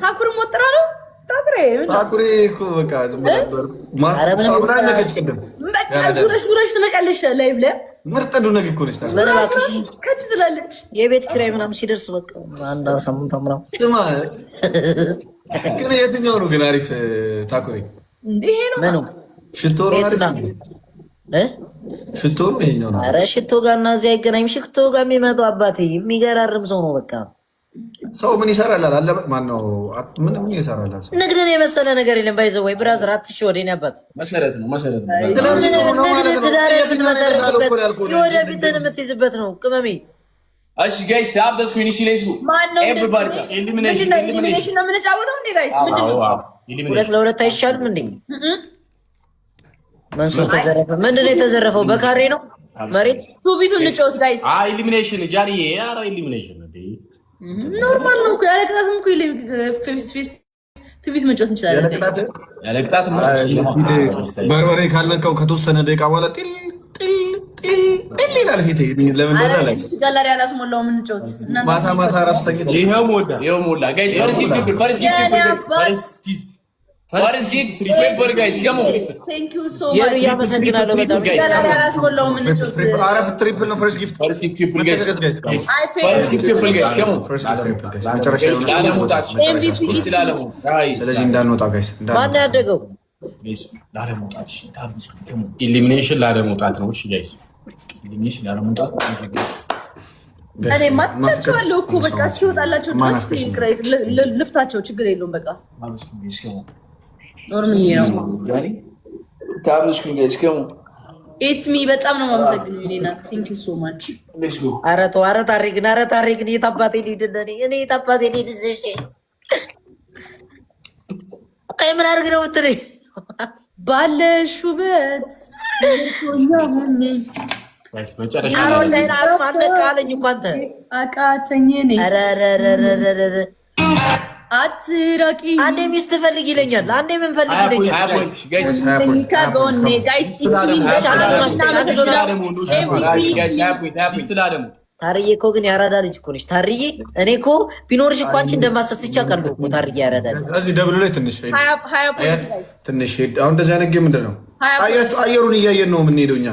ታኩር ሞጥራ ነው። ታኩሬ ታኩሬ እኮ በቃ ዝም ብላ ትላለች። የቤት ኪራይ ምናምን ሲደርስ በቃ አንድ ሳምንት ግን የትኛው ነው ግን አሪፍ ታኩሬ? ይሄ ነው ሽቶ ሽቶ ጋር እና እዚህ አይገናኝም። ሽቶ ጋር የሚመጣው አባቴ የሚገራርም ሰው ነው በቃ ሰው ምን ይሰራላል? አለ ማነው? ምን ምን ይሰራል? ንግድን የመሰለ ነገር የለም። ባይዘ ወይ ብራዘር አትሽ ወደኔ አባት መሰረት ነው መሰረት ነው። ንግድ ትዳር የምትመሰርትበት የወደፊትን የምትይዝበት ነው። ቅመሜ እሺ ጋይስ ታብደስኩኝ እሺ ሌስኩ ማነው ኤቭሪባዲ ኤሊሚኔሽን ነው የምንጫወተው እንዴ ጋይስ? ምንድነው ሁለት ለሁለት አይሻልም እንዴ? መንሱር ተዘረፈ። ምንድነው የተዘረፈው? በካሬ ነው መሬት ቱቢቱ እንጫወት ጋይስ። አይ ኢሊሚኔሽን ጃኒ ያ ኢሊሚኔሽን እንዴ ኖርማል ነው። ያለ ቅጣትም እኮ ፌስ ፌስ ትቪት መጫወት እንችላለን። ያለ ቅጣት በርበሬ ካልነካው ከተወሰነ ደቂቃ በኋላ ጢል ጢል ራሱ ተኝቼ ሞላ እያመሰግናለሁ በጣም ማነው ኢሊሚኔሽን ላለመውጣት ነው። እኔማ እኮ በቃ ሲወጣላቸው ድረስ ልፍታቸው፣ ችግር የለውም በቃ ኖርምዬ ነው። ታምሽ ኩንገች ከሙ ኢትስ ሚ በጣም ነው የማመሰግነው። እኔ ናት ቲንክ ዩ ሶ ማች። ኧረ ተው፣ ኧረ ታሪክ ነው፣ ኧረ ታሪክ ነው። የት አባቴ ልሂድ እንደኔ እኔ የት አባቴ ልሂድ? እሺ ቆይ ምን አድርግ ነው የምትለኝ? ባለሽበት አሁን ላይ ራሱ አለቃ አለኝ እኮ አንተ አቃተኝ እኔ አትራቂ አንዴ ሚስት ፈልግ ይለኛል። አንዴ ምን ፈልግ ይለኛል። ታርዬ እኮ ግን ያራዳ ልጅ እኮ ነች። ታርዬ እኔ እኮ ቢኖርሽ እኮ አንቺ እንደማሰት ብቻ ቀልዶ እኮ ታርዬ ያራዳ ልጅ እዚህ ደብሉ ላይ ትንሽ ትንሽ ሄድ። አሁን እንደዚህ አይነት ጌም ምንድን ነው? አያችሁ አየሩን እያየን ነው የምንሄደው እኛ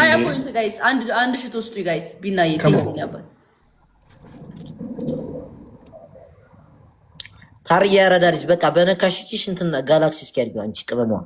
ሀያ ፖይንት ጋይስ አንድ ሽት ውስጡ ጋይስ ቢናየ ይገኛል ካርያ ያረዳ ልጅ በቃ በነካሽችሽ እንትና ጋላክሲ እስኪያድግ አንቺ ቅመሟ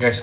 ጋይስ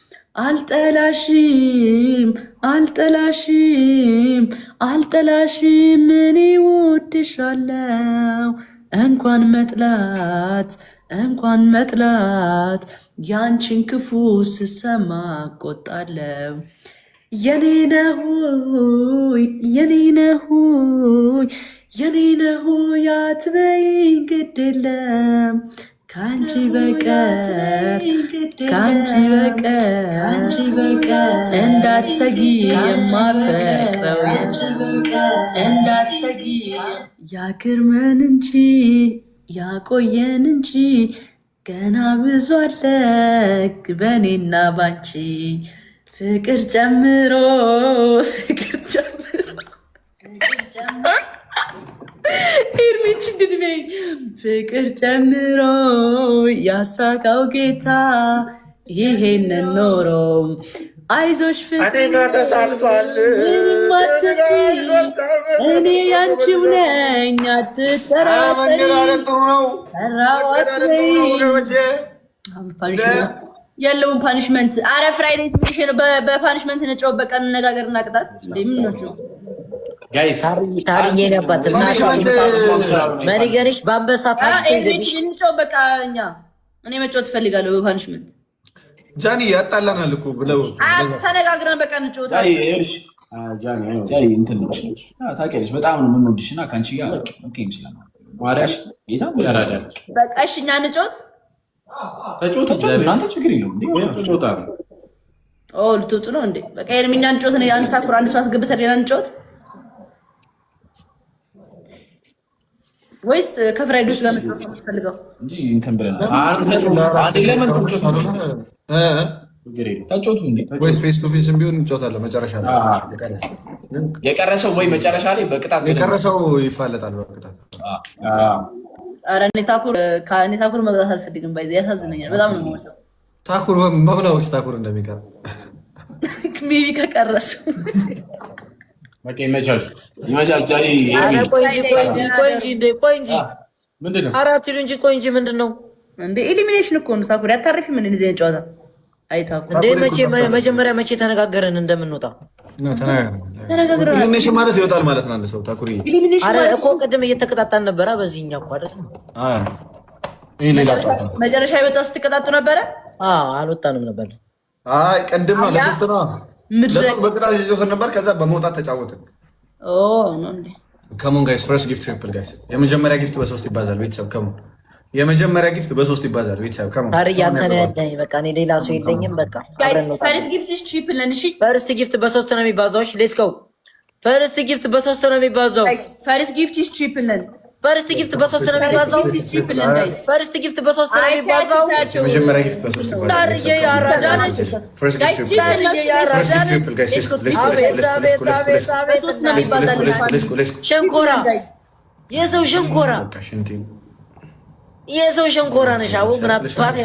አልጠላሽም አልጠላሽም አልጠላሽም እኔ ወድሻለው እንኳን መጥላት እንኳን መጥላት ያንቺን ክፉ ስሰማ ቆጣለው የኔነሆይ የኔ የኔነሆይ አትበይኝ ግድ የለም ከአንቺ በቀር ከአንቺ በቀር እንዳትሰጊ የማፈቅረው እንዳትሰጊ ያግርመን እንጂ ያቆየን እንጂ ገና ብዙ አለ በኔና ባንቺ ፍቅር ጨምሮ ፍቅር ፍቅር ጨምሮ ያሳካው ጌታ ይሄንን ኖሮ አይዞሽ ፍቅርተሳልቷል እኔ ያንቺው ነኝ አትጠራጠራዋት ያለውን ፓኒሽመንት አረ ፍራይዴ በፓኒሽመንት ነጫወት በቃ እንነጋገር እና ቅጣት ታርዬነባት መሪገርሽ በአንበሳ ታሽእንጮ በቃ እኛ እኔ መጫወት እፈልጋለሁ። በፓኒሽመንት ጃኒ ያጣላናል እኮ ብለው ተነጋግረን በቃ እንጫወታለሽ። በጣም ነው የምንወድሽ እና ከአንቺ ጋር ይችላል ማርያሽ ጌታ በቃ እሺ፣ እኛ እንጫወት እናንተ ችግር የለውም ልትወጡ ነው እንዴ? በቃ እኛ እንጫወት። አንድ አንድ ሰው አስገብተን ሌላ እንጫወት ወይስ ከፍራይዶች ጋር መስራት ነው የምትፈልገው? እንጂ እንትን ብለን አንዴ ለምን ተጫወቱ እንጂ ወይስ ፌስ ቱ ፌስ ቢሆን እንጫወታለን። መጨረሻ ላይ የቀረሰው ወይ መጨረሻ ላይ በቅጣት የቀረሰው ይፋለጣል በቅጣት። ኧረ እኔ ታኩር ከእኔ ታኩር መቅጣት አልፈልግም። ባይዘ ያሳዝነኛል በጣም ነው የምወደው ታኩር። በምን አወቅሽ ታኩር እንደሚቀር ሜቢ ከቀረሰው በቃ ይመቻችሁ፣ ይመቻችሁ። ቆይ እንጂ ቆይ እንጂ ቆይ እንጂ ምንድን ነው? ኧረ አትሂዱ እንጂ ቆይ እንጂ ምንድን ነው እንደ ኤሊሚኔሽን እኮ ነው። ሳኩሪ አታረፊም። ምን እንደዚህ ጨዋታ አይታኩ እንደ መቼ መጀመሪያ መቼ ተነጋገረን እንደምንወጣ ተነጋግረን። ማለት ይወጣል ማለት ነው አንድ ሰው ታኩሪ። ኧረ እኮ ቅድም እየተቀጣጣን ነበረ። በዚህኛ እኮ አይደል? አዎ ሌላ መጨረሻ ይወጣ ስትቀጣጡ ነበረ። አልወጣንም ነበር። አይ ቅድም ለሶስት ነው በቅጣት በመውጣት ተጫወትን። ከሞን ጋይስ የመጀመሪያ ጊፍት በሶስት ይባዛል ቤተሰብ ከሞን። የመጀመሪያ ጊፍት በሶስት ይባዛል ቤተሰብ ከሞን። ኧረ እያንተ በቃ እኔ ሌላ ሰው የለኝም። በቃ ፈርስት ጊፍት በሶስት ነው የሚባዛው። ሌትስ ጎ ፈርስት ጊፍት በሶስት ነው የሚባዛው። ፈርስት ጊፍት ትሪፕል ነን በርስት ጊፍት በሶስት ነው የሚባዛው። በርስት ጊፍት በሶስት ነው የሚባዛው። መጀመሪያ ጊፍት በሶስት ሸንኮራ የሰው ሸንኮራ የሰው ሸንኮራ ነሽ። አሁን ምን አባት